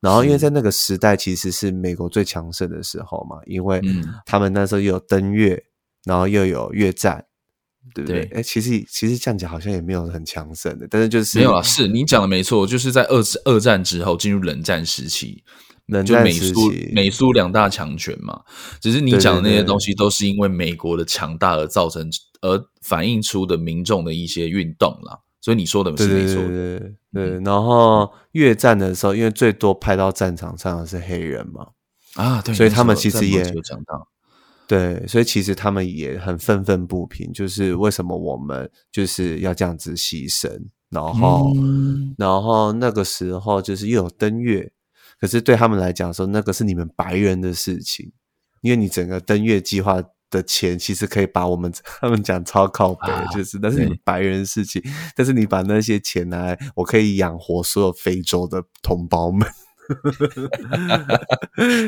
然後，因為在那個時代其實是美國最強盛的時候嘛，嗯、因為他們那時候又有登月。然後又有越戰，對不對？哎、欸，其實其實這樣講好像也沒有很強盛的，但是就是沒有啦。是你講的沒錯，就是在二次二戰之後進入冷戰時期，冷戰時期。美蘇，美蘇兩大強權嘛，對對對對。只是你講的那些東西都是因為美國的強大而造成，對對對對而反映出的民眾的一些運動啦。所以你說的是沒錯，對，對，對，對，對，嗯、對，對，對。然後越戰的時候，因為最多派到戰場上的是黑人嘛，啊，對，所以他們其實也有講到。對，所以其實他們也很憤憤不平，就是為什麼我們就是要這樣子犧牲，然後、嗯，然後那個時候就是又有登月，可是對他們來講說，那個是你們白人的事情，因為你整個登月計劃的錢其實可以把我們他們講超靠北，就是，那是你們白人事情，但是你把那些錢拿來，我可以養活所有非洲的同胞們。呵呵哈哈哈！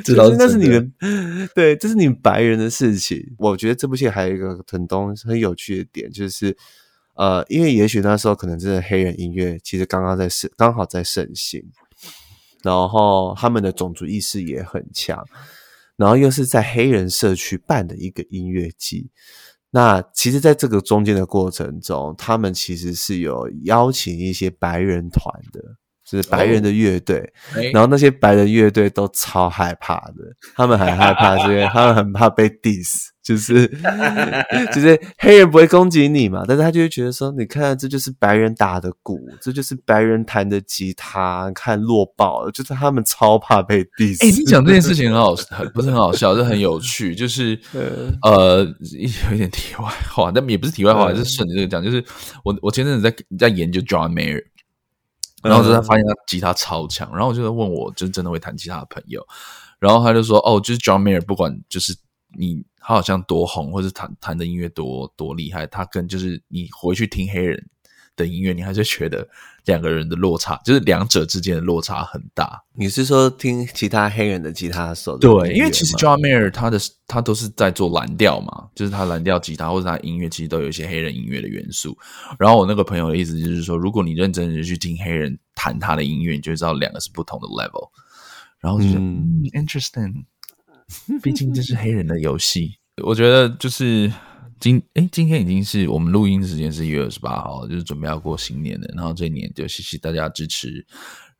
就是那是你們對，這是你們白人的事情。我覺得這部戲還有一個很東、很有趣的點，就是呃，因為也許那時候可能真的黑人音樂其實剛剛在剛好在盛行，然後他們的種族意識也很強，然後又是在黑人社區辦的一個音樂季。那其實，在這個中間的過程中，他們其實是有邀請一些白人團的。就是白人的樂隊，oh, okay. 然後那些白人樂隊都超害怕的，他們很害怕，是因為他們很怕被 diss。 就是，就是黑人不會攻擊你嘛，但是他就會覺得說，你看，這就是白人打的鼓，這就是白人彈的吉他，看弱爆了，就是他們超怕被 diss。哎、欸，你講這件事情很好， 很不是很好笑， 這很有趣，就是 呃，有一有點題外話，但也不是題外話，嗯、而是順着這個講，就是我我前陣子在在研究 John Mayer。然後就他發現他吉他超強，然後我就問，我就是真的會彈吉他的朋友，然後他就說，哦，就是 John Mayer，不管就是你他好像多紅，或是彈彈的音樂多多厲害，他跟就是你回去聽黑人的音樂，你還是會覺得。兩個人的落差，就是兩者之間的落差很大。你是說聽其他黑人的吉他手對對？對，因為其實 John Mayer 他的他都是在做藍調嘛，就是他藍調吉他或者他音樂其實都有一些黑人音樂的元素。然後我那個朋友的意思就是說，如果你認真的去聽黑人彈他的音樂，你就知道兩個是不同的 level。然後就是、嗯嗯，Interesting，畢竟這是黑人的遊戲。 我覺得就是。今誒，今天已經是我們錄音時間是一月二十八號，就是準備要過新年了。然後這一年就謝謝大家支持。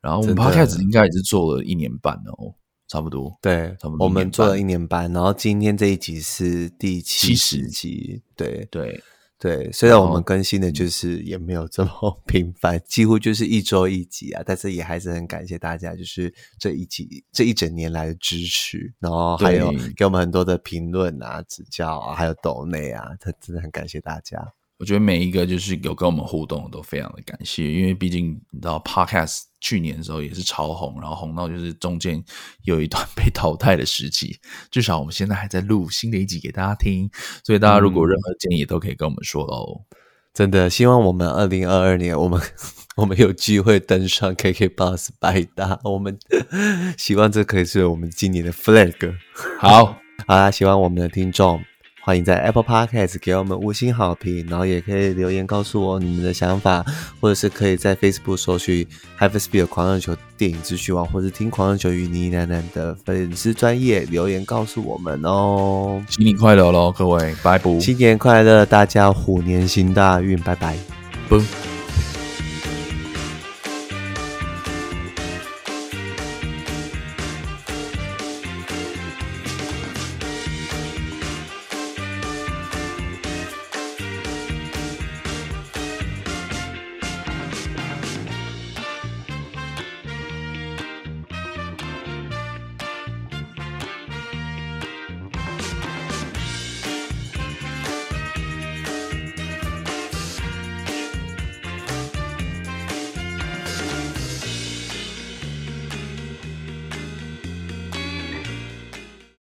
然後我們 Podcast 應該也是做了一年半了哦，差不多。對，差不多。我們做了一年半，然後今天這一集是第七十集，對對。對對，雖然我們更新的就是也沒有這麼頻繁，嗯，幾乎就是一周一集啊，但是也還是很感謝大家，就是這一集這一整年來的支持，然後還有給我們很多的評論啊、指教啊，還有抖內啊，他真的很感謝大家。我覺得每一個就是有跟我們互動的都非常的感謝，因為畢竟你知道，Podcast 去年的時候也是超紅，然後紅到就是中間有一段被淘汰的時期。至少我們現在還在錄新的一集給大家聽，所以大家如果任何建議都可以跟我們說哦、嗯。真的希望我們二零二二年，我們我們有機會登上 KK Bus 百大，我們希望這可以是我們今年的 flag。 好，好啦，希望我們的聽眾。歡迎在 Apple Podcast 給我們五星好評，然後也可以留言告訴我你們的想法，或者是可以在 Facebook 搜尋 Hypesphere 的狂熱球電影資訊網”，或者是聽狂熱球與倪楠楠的粉絲專業留言告訴我們哦。新年快樂嘍，各位，拜拜！新年快樂，大家虎年行大運，拜拜，Boom.